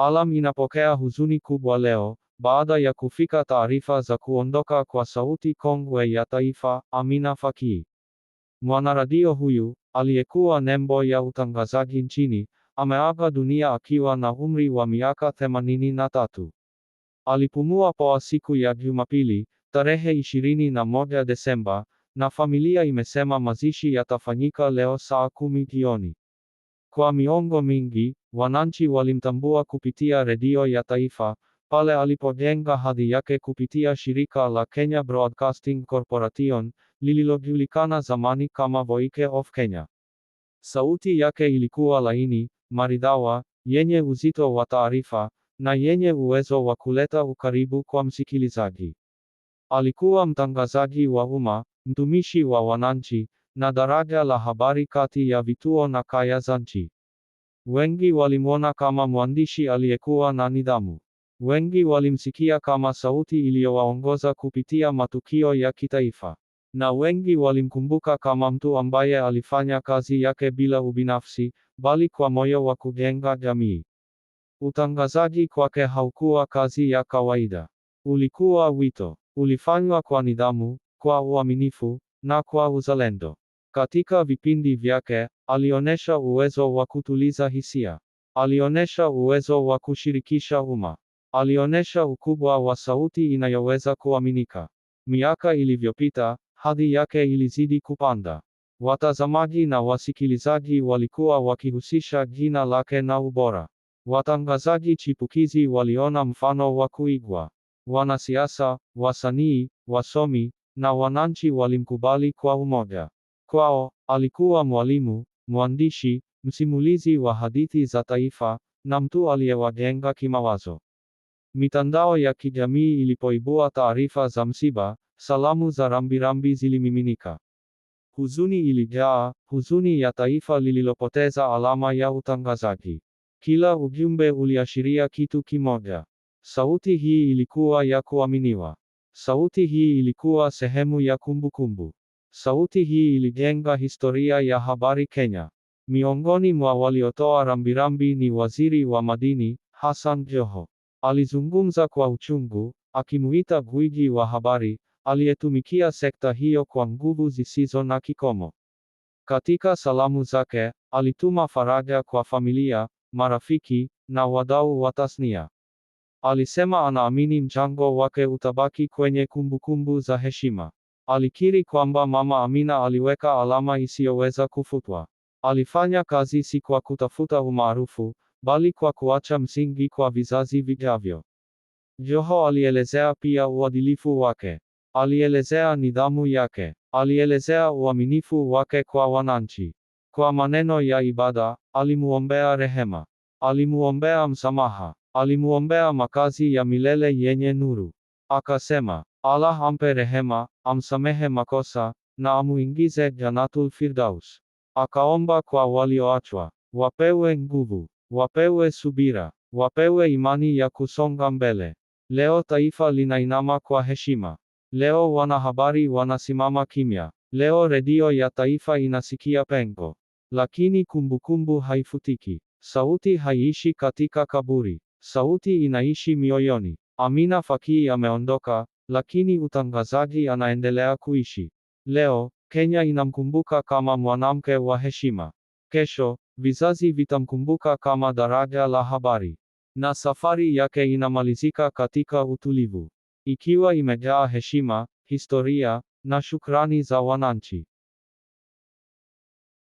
Alam inapokea huzuni kubwa leo baada ya kufika taarifa za kuondoka kwa sauti kongwe ya taifa Amina Faki. Mwanaradio huyu aliyekuwa nembo ya utangazaji nchini ameaga dunia akiwa na umri wa miaka 83. Alipumua poa siku ya Jumapili tarehe 21 Desemba, na familia imesema mazishi yatafanyika leo saa kumi jioni. Kwa miongo mingi, wananchi walimtambua kupitia redio ya taifa, pale alipojenga hadhi yake kupitia shirika la Kenya Broadcasting Corporation, lililojulikana zamani kama Voice of Kenya. Sauti yake ilikuwa laini, maridhawa, yenye uzito wa taarifa, na yenye uwezo wa kuleta ukaribu kwa msikilizaji. Alikuwa mtangazaji wa umma, mtumishi wa wananchi, na daraja la habari kati ya vituo na kaya za nchi. Wengi walimwona kama mwandishi aliyekuwa na nidhamu. Wengi walimsikia kama sauti iliyowaongoza kupitia matukio ya kitaifa, na wengi walimkumbuka kama mtu ambaye alifanya kazi yake bila ubinafsi, bali kwa moyo wa kujenga jamii. Utangazaji kwake haukuwa kazi ya kawaida. Ulikuwa wito. Ulifanywa kwa nidhamu, kwa uaminifu, na kwa uzalendo. Katika vipindi vyake, alionyesha uwezo wa kutuliza hisia. Alionyesha uwezo wa kushirikisha umma. Alionyesha ukubwa wa sauti inayoweza kuaminika. Miaka ilivyopita, hadhi yake ilizidi kupanda. Watazamaji na wasikilizaji walikuwa wakihusisha jina lake na ubora. Watangazaji chipukizi waliona mfano wa kuigwa. Wanasiasa, wasanii, wasomi na wananchi walimkubali kwa umoja. Kwao, alikuwa mwalimu, mwandishi, msimulizi wa hadithi za taifa, na mtu aliyewajenga kimawazo. Mitandao ya kijamii ilipoibua taarifa za msiba, salamu za rambirambi zilimiminika. Huzuni ilijaa, huzuni ya taifa lililopoteza alama ya utangazaji. Kila ujumbe uliashiria kitu kimoja. Sauti hii ilikuwa ya kuaminiwa. Sauti hii ilikuwa sehemu ya kumbukumbu. Sauti hii ilijenga historia ya habari Kenya. Miongoni mwa waliotoa rambirambi ni Waziri wa Madini, Hassan Joho. Alizungumza kwa uchungu, akimuita gwiji wa habari, aliyetumikia sekta hiyo kwa nguvu zisizo na kikomo. Katika salamu zake, alituma faraja kwa familia, marafiki, na wadau wa tasnia. Alisema anaamini mchango wake utabaki kwenye kumbukumbu za heshima. Alikiri kwamba Mama Amina aliweka alama isiyoweza kufutwa. Alifanya kazi si kwa kutafuta umaarufu, bali kwa kuacha msingi kwa vizazi vijavyo. Joho alielezea pia uadilifu wake. Alielezea nidhamu yake. Alielezea uaminifu wake kwa wananchi. Kwa maneno ya ibada, alimuombea rehema. Alimuombea msamaha. Alimuombea makazi ya milele yenye nuru. Akasema, Allah ampe rehema, amsamehe makosa, na amuingize janatul Firdaus. Akaomba kwa walioachwa, wapewe nguvu, wapewe subira, wapewe imani ya kusonga mbele. Leo taifa linainama kwa heshima. Leo wanahabari wanasimama kimya. Leo redio ya taifa inasikia pengo, lakini kumbukumbu haifutiki. Sauti haiishi katika kaburi, sauti inaishi mioyoni. Amina Fakii ameondoka, lakini utangazaji anaendelea kuishi. Leo Kenya inamkumbuka kama mwanamke wa heshima. Kesho vizazi vitamkumbuka kama daraja la habari, na safari yake inamalizika katika utulivu, ikiwa imejaa heshima, historia na shukrani za wananchi.